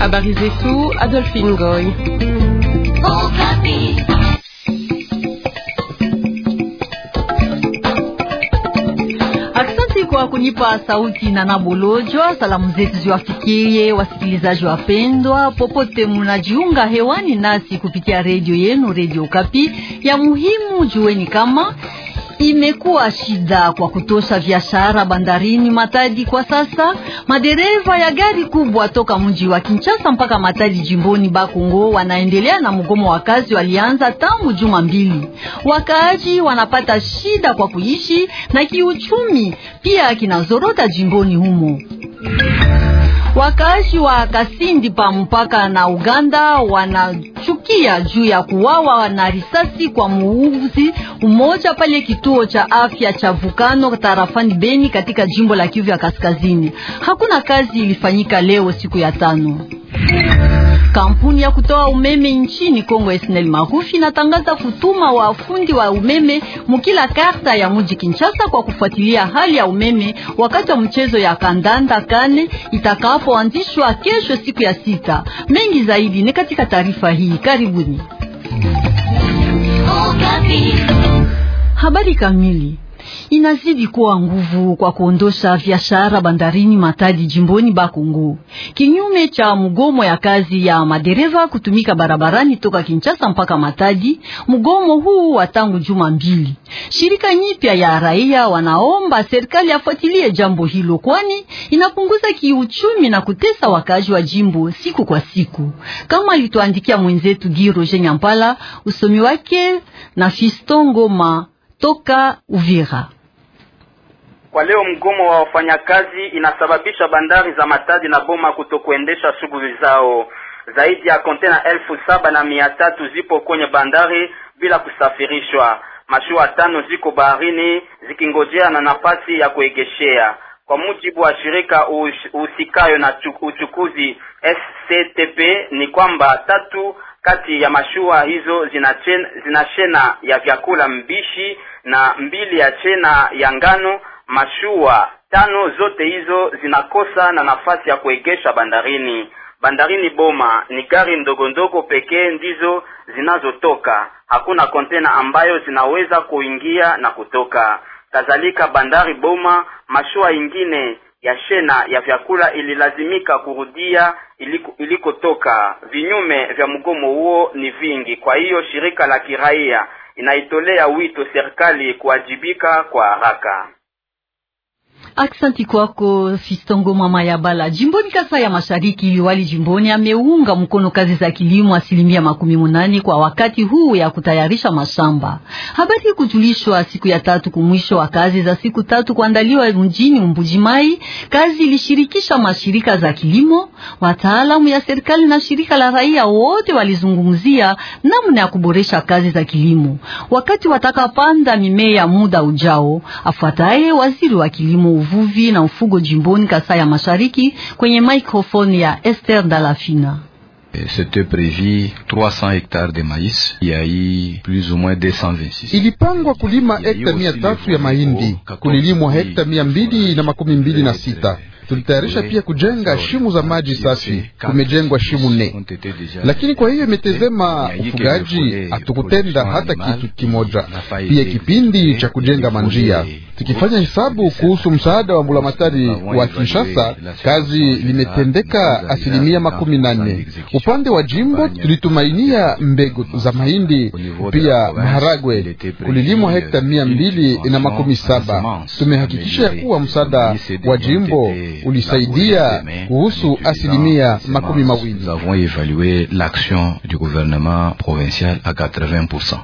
Habari zetu, Adolphine Goy. Okapi. kwa kunipa sauti na nabolojwa. Salamu zetu ziwafikie wasikilizaji wapendwa, popote munajiunga hewani nasi kupitia redio yenu, Redio Kapi. Ya muhimu jueni kama Imekuwa shida kwa kutosha biashara bandarini Matadi kwa sasa. Madereva ya gari kubwa toka mji wa Kinshasa mpaka Matadi jimboni Bakongo wanaendelea na mgomo wa kazi, walianza tangu juma mbili. Wakaaji wanapata shida kwa kuishi na kiuchumi pia kinazorota jimboni humo. Wakaaji wa Kasindi pa mpaka na Uganda wana kusikia juu ya kuwawa na risasi kwa muuguzi mmoja pale kituo cha afya cha Vukano tarafani Beni katika jimbo la Kivu ya Kaskazini. Hakuna kazi ilifanyika leo siku ya tano. Kampuni ya kutoa umeme nchini Kongo SNEL maarufu inatangaza kutuma wafundi wa umeme mukila karta ya mji Kinshasa kwa kufuatilia hali ya umeme wakati wa mchezo ya kandanda kane itakapoanzishwa kesho siku ya sita. Mengi zaidi ni katika taarifa hii, karibuni. Oh, Habari kamili inazidi kuwa nguvu kwa kuondosha biashara bandarini Matadi jimboni Bakongo, kinyume cha mgomo ya kazi ya madereva kutumika barabarani toka Kinshasa mpaka Matadi. Mgomo huu wa tangu juma mbili, shirika nyipya ya raia wanaomba serikali afuatilie jambo hilo, kwani inapunguza kiuchumi na kutesa wakazi wa jimbo siku kwa siku, kama alituandikia mwenzetu Giroje Nyampala, usomi wake na Fistongoma Ngoma toka Uvira. Kwa leo mgomo wa wafanyakazi inasababisha bandari za Matadi na Boma kutokuendesha shughuli zao. Zaidi ya kontena elfu saba na mia tatu zipo kwenye bandari bila kusafirishwa. Mashua tano ziko baharini zikingojea na nafasi ya kuegeshea. Kwa mujibu wa shirika uhusikayo na uchukuzi SCTP, ni kwamba tatu kati ya mashua hizo zina, shena ya vyakula mbishi na mbili ya chena ya ngano mashua tano zote hizo zinakosa na nafasi ya kuegesha bandarini. Bandarini Boma ni gari ndogo ndogo pekee ndizo zinazotoka, hakuna kontena ambayo zinaweza kuingia na kutoka. Kadhalika bandari Boma, mashua ingine ya shena ya vyakula ililazimika kurudia ilikotoka. ilikotoka. Vinyume vya mgomo huo ni vingi, kwa hiyo shirika la kiraia inaitolea wito serikali kuwajibika kwa haraka. Aksanti kwako Fistongo Mama ya Bala. Jimboni kasa ya Mashariki, liwali jimboni ameunga mkono kazi za kilimo asilimia makumi munani kwa wakati huu ya kutayarisha mashamba. Habari kujulishwa siku ya tatu kumwisho wa kazi za siku tatu kuandaliwa mjini Mbujimai. Kazi ilishirikisha mashirika za kilimo, wataalamu ya serikali na shirika la raia, wote walizungumzia namna ya kuboresha kazi za kilimo wakati watakapanda mimea muda ujao. Afuataye waziri wa kilimo uvuvi na ufugo jimboni Kasai ya Mashariki kwenye maikrofoni ya Esther Dalafina. C'était prévu 300 hectares de maïs, il y a eu plus ou moins 226. Ilipangwa kulima hekta mia tatu ya mahindi, kulilimwa hekta mia mbili na makumi mbili na sita Tulitayarisha pia kujenga shimu za maji safi, kumejengwa shimu nne, lakini kwa hiyo imetezema eh, ufugaji, hatukutenda hata kitu kimoja. Pia kipindi eh, cha kujenga manjia, tukifanya hesabu kuhusu msaada wa mbulamatari wa Kinshasa, kazi limetendeka asilimia makumi nane. Upande wa jimbo tulitumainia mbegu za mahindi pia maharagwe, kulilimwa hekta mia mbili na makumi saba. Tumehakikisha ya kuwa msaada wa jimbo Nous avons évalué l'action du gouvernement provincial à 80%.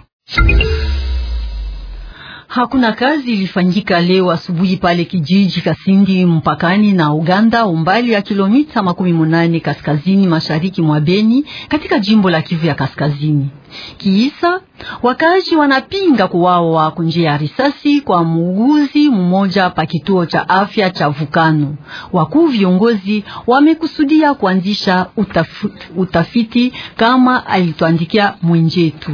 Hakuna kazi ilifanyika leo asubuhi pale kijiji Kasindi mpakani na Uganda, umbali ya kilomita makumi munane kaskazini mashariki mwa Beni katika jimbo la Kivu ya Kaskazini. Kiisa wakazi wanapinga kuwawa kunjia risasi kwa muuguzi mmoja pa kituo cha afya cha Vukano. Wakuu viongozi wamekusudia kuanzisha utafiti, utafiti kama alituandikia mwenjetu.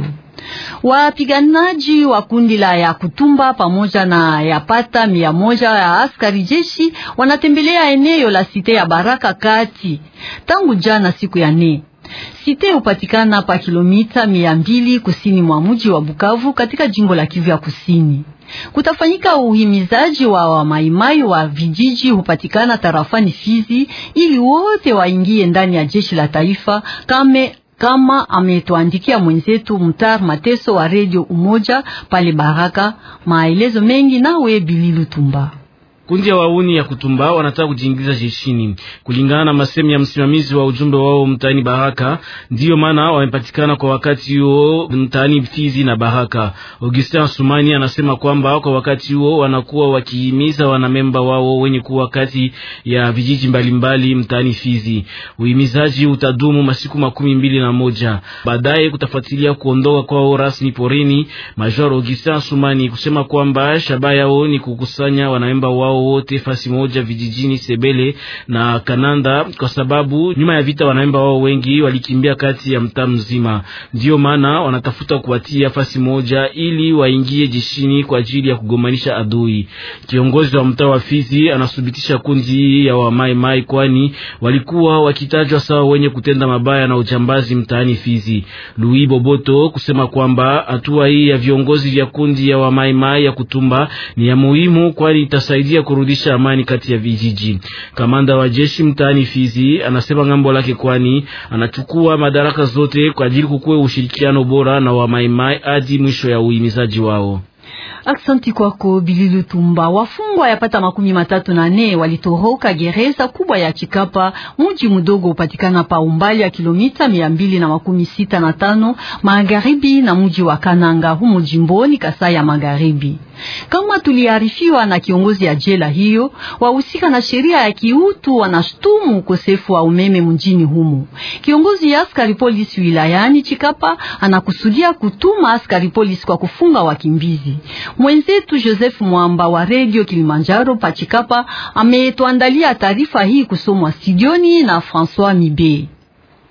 Wapiganaji wa kundi la ya Kutumba pamoja na yapata mia moja ya askari jeshi wanatembelea eneo la site ya Baraka kati tangu jana siku ya nne. Site hupatikana pa kilomita mia mbili kusini mwa mji wa Bukavu katika jimbo la Kivu ya Kusini. Kutafanyika uhimizaji wa wamaimai wa vijiji hupatikana tarafani Fizi ili wote waingie ndani ya jeshi la taifa kame kama ametuandikia mwenzetu Mtar Mateso wa Redio Umoja pale Baraka. Maelezo mengi nawe Bililutumba. Kundi ya wauni ya Kutumba wanataka kujiingiza jeshini kulingana na masemi ya msimamizi wa ujumbe wao mtaani Baraka. Ndiyo maana wamepatikana kwa wakati huo mtaani Bitizi na Baraka. Augustin Sumani anasema kwamba kwa wakati huo wanakuwa wakihimiza wanamemba wao wenye kuwa kati ya vijiji mbalimbali mtaani Fizi. Uhimizaji utadumu masiku makumi mbili na moja, baadaye kutafuatilia kuondoka kwao rasmi porini. Major Augustin Sumani kusema kwamba shabaha yao ni kukusanya wanamemba wao wao wote fasi moja vijijini Sebele na Kananda, kwa sababu nyuma ya vita wanaemba wao wengi walikimbia kati ya mtaa mzima. ndio maana wanatafuta kuwatia fasi moja ili waingie jeshini kwa ajili ya kugomanisha adui. Kiongozi wa mtaa wa Fizi anathibitisha kundi ya wamaimai, kwani walikuwa wakitajwa sawa wenye kutenda mabaya na ujambazi mtaani Fizi. Louis Boboto kusema kwamba hatua hii ya viongozi vya kundi ya wamaimai ya Kutumba ni ya muhimu, kwani itasaidia kurudisha amani kati ya vijiji. Kamanda wa jeshi mtaani Fizi anasema ngambo lake, kwani anachukua madaraka zote kwa ajili kukuwe ushirikiano bora na wa maimai hadi mwisho ya uhimizaji wao. Aksanti kwako Bililutumba. Wafungwa yapata makumi matatu na nne walitoroka gereza kubwa ya Chikapa, mji mdogo upatikana pa umbali ya kilomita mia mbili na makumi sita na tano magharibi na mji wa Kananga humo jimboni Kasai ya Magharibi. Kama tuliarifiwa na kiongozi ya jela hiyo, wahusika na sheria ya kiutu wanashtumu ukosefu wa umeme mjini humo. Kiongozi ya askari polisi wilayani Chikapa anakusudia kutuma askari polisi kwa kufunga wakimbizi. Mwenzetu Joseph Mwamba wa Radio Kilimanjaro pa Chikapa ametuandalia taarifa hii kusomwa studioni na François Mibe.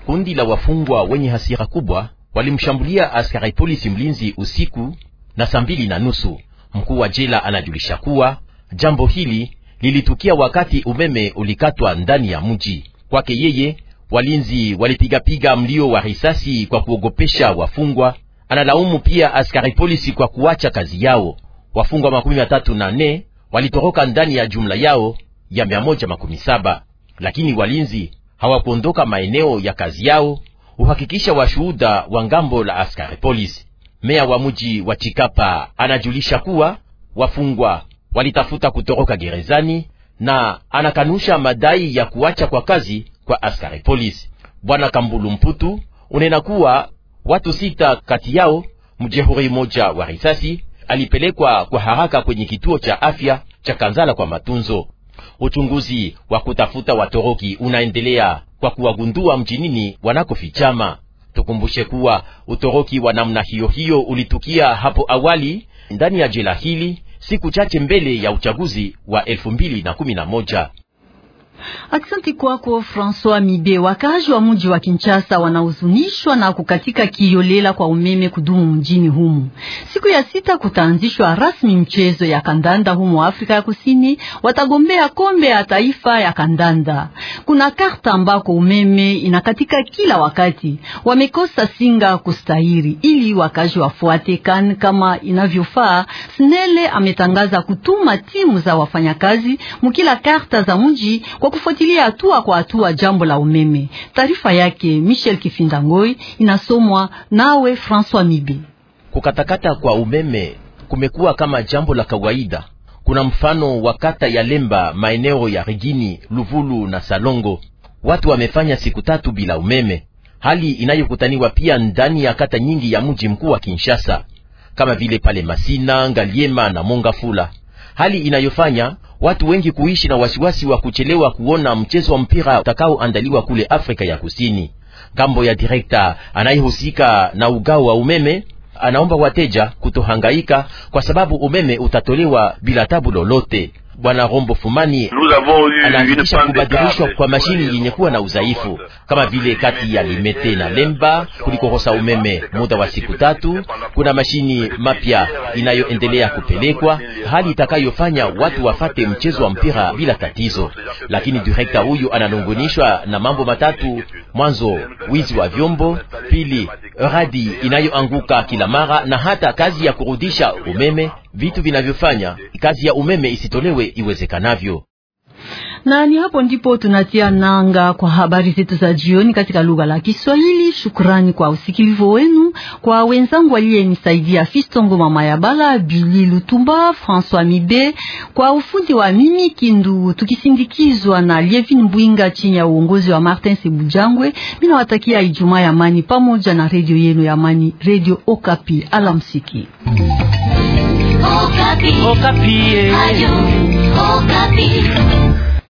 Kundi la wafungwa wenye hasira kubwa walimshambulia askari polisi mlinzi usiku na saa mbili na nusu Mkuu wa jela anajulisha kuwa jambo hili lilitukia wakati umeme ulikatwa ndani ya mji. Kwake yeye, walinzi walipigapiga mlio wa risasi kwa kuogopesha wafungwa. Analaumu pia askari polisi kwa kuacha kazi yao. Wafungwa makumi matatu na nne walitoroka ndani ya jumla yao ya mia moja makumi saba lakini walinzi hawakuondoka maeneo ya kazi yao, uhakikisha washuhuda wa ngambo la askari polisi meya wa muji wa Chikapa anajulisha kuwa wafungwa walitafuta kutoroka gerezani na anakanusha madai ya kuacha kwa kazi kwa askari polisi. Bwana Kambulu Mputu unena kuwa watu sita kati yao mjehuri moja wa risasi alipelekwa kwa haraka kwenye kituo cha afya cha Kanzala kwa matunzo. Uchunguzi wa kutafuta watoroki unaendelea kwa kuwagundua mjinini wanakofichama. Tukumbushe kuwa utoroki wa namna hiyo hiyo ulitukia hapo awali ndani ya jela hili siku chache mbele ya uchaguzi wa elfu mbili na kumi na moja. Asante kwako François Mibe. Wakazi wa mji wa Kinshasa wanahuzunishwa na kukatika kiolela kwa umeme kudumu mjini humu. Siku ya sita kutaanzishwa rasmi mchezo ya kandanda humo Afrika ya Kusini, watagombea kombe ya taifa ya kandanda. Kuna karta ambako umeme inakatika kila wakati, wamekosa singa kustahiri ili wakazi wafuate kan kama inavyofaa. Snele ametangaza kutuma timu za wafanyakazi mukila karta za mji kwa kufuatilia hatua kwa hatua jambo la umeme. Taarifa yake Michel Kifinda Ngoi inasomwa nawe François Mibi. Kukatakata kwa umeme kumekuwa kama jambo la kawaida. Kuna mfano wa kata ya Lemba, maeneo ya Rigini, Luvulu na Salongo, watu wamefanya siku tatu bila umeme, hali inayokutaniwa pia ndani ya kata nyingi ya mji mkuu wa Kinshasa kama vile pale Masina, Ngaliema na Mongafula, hali inayofanya watu wengi kuishi na wasiwasi wa kuchelewa kuona mchezo wa mpira utakaoandaliwa kule Afrika ya Kusini. Ngambo ya direkta anayehusika na ugao wa umeme anaomba wateja kutohangaika kwa sababu umeme utatolewa bila tabu lolote. Bwana Rombo Fumani anaandikisha kubadilishwa kwa mashini yenye kuwa na udhaifu kama vile kati ya Limete na Lemba kulikokosa umeme muda wa siku tatu. Kuna mashini mapya inayoendelea kupelekwa, hali itakayofanya watu wafate mchezo wa mpira bila tatizo. Lakini direkta huyu ananungunishwa na mambo matatu: mwanzo, wizi wa vyombo; pili, radi inayoanguka kila mara, na hata kazi ya kurudisha umeme vitu vinavyofanya kazi ya umeme isitolewe iwezekanavyo. Na ni hapo ndipo tunatia nanga kwa habari zetu za jioni katika lugha la Kiswahili. Shukrani kwa usikilivu wenu, kwa wenzangu waliyenisaidia Fistongo mama ya Bala, Bili Lutumba, François Mibe, kwa ufundi wa mimi Kindu, tukisindikizwa na Lievin Mbwinga chini ya uongozi wa Martin Sebujangwe. Mina watakia Ijumaa ya amani pamoja na redio yenu ya amani, Redio Okapi. Alamsiki. Okapi. Okapi.